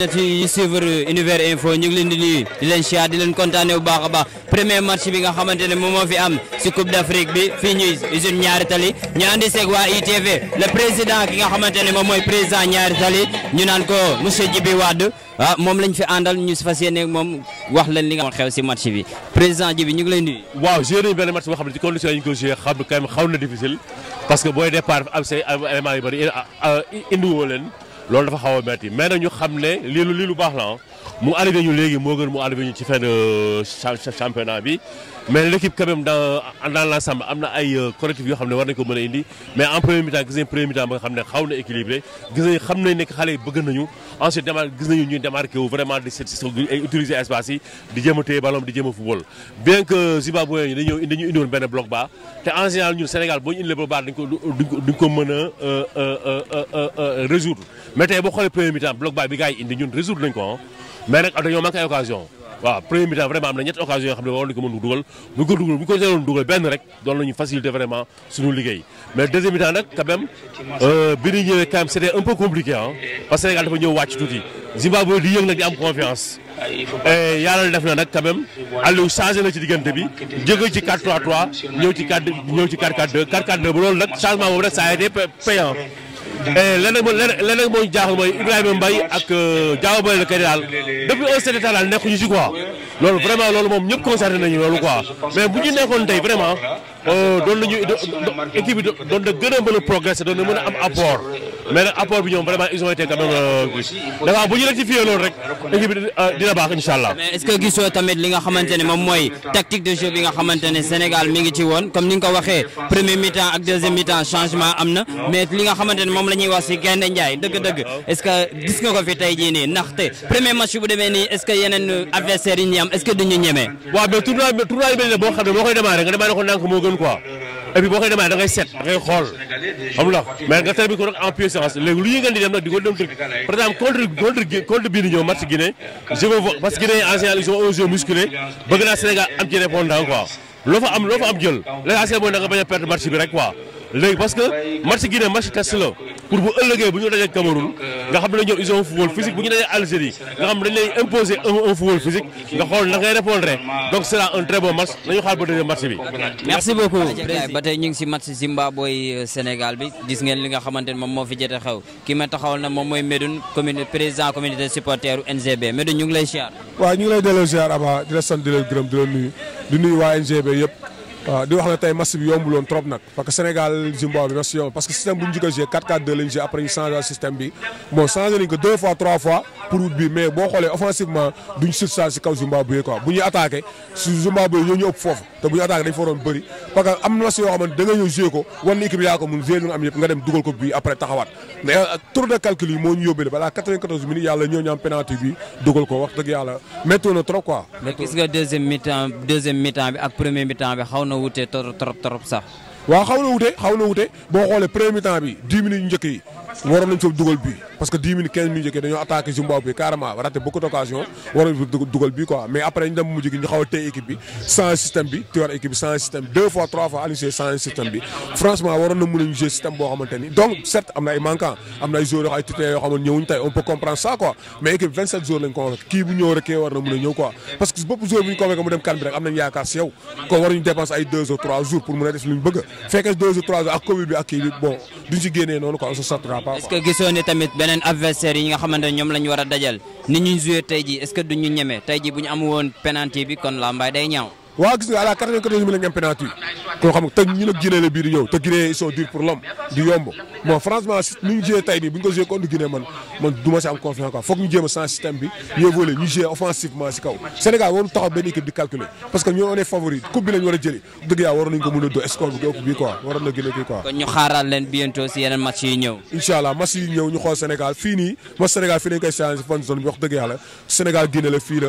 ñett yi suivre univers info ñu ngi leen di nuyu di leen di leen kontaane bu baax a baax premier match bi nga xamante ne moom moo fi am si coupe d' afrique bi fii ñuy usine ñu andi seeg waa ITV le président ki nga xamante ne moom mooy président ñaari tali ñu naan ko monsieur Djibi Wade ah moom lañ fi àndal ñu fas yéene moom wax leen li nga xew si match bi président Djibi ñu ngi lay nuyu. waaw match boo xam ne ci condition yi ñu ko joué xam ne quand difficile parce loolu dafa xaw a metti mais nag ñu xam ne lii lu lii lu baax la ah. mu arrivé ñu léegi moo gën mu arrivé ñu ci fenn euh, championnat bi mais l' équipe quand même dans dans am na ay euh, correctifs yoo xam ne war nañ ko mën a indi mais en premier mi-temps gis nañ xam ne xaw na ne xale yi bëgg nañu ensuite démar gis nañu ñuy démarqué wu vraiment di utiliser espace yi di jéem a téye ballon di jéem a football bien que euh, Zimbabwe yi dañu dañu indiwoon benn bloc bas te en général Sénégal boo ñu indilee bloc bas dañ ko duñ ko mën a résoudre mais tey boo xoolee premier mi-temps bloc bas bi gars indi ñun résoudre nañ ko mais nag dañoo manqué ay occasion waaw premier mi-temps am na ñetti occasion yoo xam ne waroon nañu ko mën dugal bu ko dugal bu ko teeloon dugal liggéey mais deuxième mi nag quand même euh, bi ñu ñëwee quand peu compliqué ah parce que Sénégal dafa ñëw wàcc tuuti Zimbabwe di yëng nag di am confiance et yàlla def na nag quand même Aliou changé na ci diggante bi jóge ci 4-3-3 ñëw ci 4 ñëw ci 4-4-2 4-4-2 ba loolu nag changement leneen mooy leneen mooy jaaxal mooy Ibrahima Mbaye ak euh, Diao Boy la kay daal depuis un certain temps daal nekkuñu ci quoi loolu vraiment loolu moom ñëpp concerné nañu loolu quoi mais bu ñu nekkoon tey vraiment euh, doon nañu équipe bi doon na gën a mën a doon na mën a am apport. mais nag apport bi ñoom vraiment ils ont été quand même euh, dafa bu ñu rek euh, dina baax incha allah. gisoo tamit li nga xamante ne mooy tactique de jeu bi nga xamante Sénégal mi ngi ci woon ni nga waxee premier mi ak deuxième mi temps changement gis nga ko fi tey jii nii premier match bu demee nii est yeneen adversaires yi am est duñu ñemee. waaw mais tournoi tournoi boo xam ne boo koy démarré nga démarré ko ndànk moo gën quoi. et puis boo koy demee da ngay seet da ngay xool xam nga mais nga ko rek en pure séance léegi lu ñu ngeen di nag di ko dem dëgg par exemple contre contre contre match Guinée je veux voir parce que Guinée en général ils sont un bëgg naa Sénégal am ci répondant quoi loo fa loo fa am jël l'essentiel mooy da nga bañ a perdre match bi rek quoi léegi parce que match Guinée match test la pour bu ëllëgee bu ñu dajee Cameroun euh, nga xam ne ñoom ils ont un football physique bu ñu dajee Algérie nga xam dañ lay imposer un un football physique nga xool na ngay répondre donc c'est un très bi. merci beaucoup ba tey ñu si match Zimbabwe euh, Sénégal bi gis nga xamante ne moo fi jotee xew ki ma na moom mooy Medoune président communauté supporteru NGB Medoune ñu ngi lay ziar. waaw ñu ngi lay delloo ziar Aba di la sant di leen gërëm di la nuyu di nuyu waa NGB yëpp. waaw di wax ne tey match trop nag parce que Sénégal Zimbabwe match yomb parce que système bu ñu njëkk a joué 4-4-2 bi bon changé nañ ko deux fois trois fois pour bi mais boo xoolee offensivement duñ surcharge si kaw Zimbabwe quoi bu ñuy attaqué su Zimbabwe yooyu ñu ëpp foofu te bu ñu attaqué dañ fa parce que am na match yoo xamante da nga ñëw dugal ko bii après taxawaat euh, tour de calcul yi moo ñu yóbbee balaa 94 minutes yàlla ñoo ñu na wute trop trop trop sax. waaw xaw na wute xaw na wute boo xoolee premier temps bi dix minutes waroon nañ foofu dugal bii parce que 10 minutes 15 minutes jëkkee dañoo bi carrément raté beaucoup d'occasion waroon foofu dugal bii quoi mais après ñu dem mujj équipe sans système bi tu war équipe sans système deux fois trois fois Aliou Cissé sans système bi franchement waroon na mën a ñu système boo xamante donc certes am na ay manquant am na ay joueurs yoo xam ay titulaires yoo tey on peut comprendre ça quoi mais équipe jours pour mën a def pas est tamit beneen adversaire yi nga xamante ne ñoom dajal ni ñuy joué tey ji est-ce que duñu bu ñu am woon penalty bi kon làmbaay day ñaaw waaw gis nga à la 94 mi la ñu koo xam te ñu nag Guinée di ñëw te Guinée ils sont durs pour ni bi bu ñu ko joué contre man man du ma si am confiance quoi foog ñu jéem bi ñu évolué ñu joué offensivement si kaw Sénégal warul taxaw benn équipe di calculer parce que ñoo on est favori coupe bi lañ war a jëli dëgg yaa waroon nañ ko mën a do score bi di ëpp na Guinée si yeneen match yi allah match yi ñëw ñu xool Sénégal fii nii match Sénégal bi wax dëgg yàlla Sénégal Guinée la fii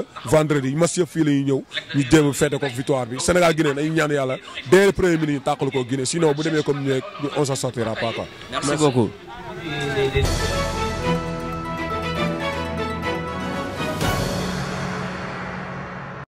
la la premier ministre ñu tàqalu ko Guinée sinon bu demee comme ñu rek on s'en sortira pas quoi. merci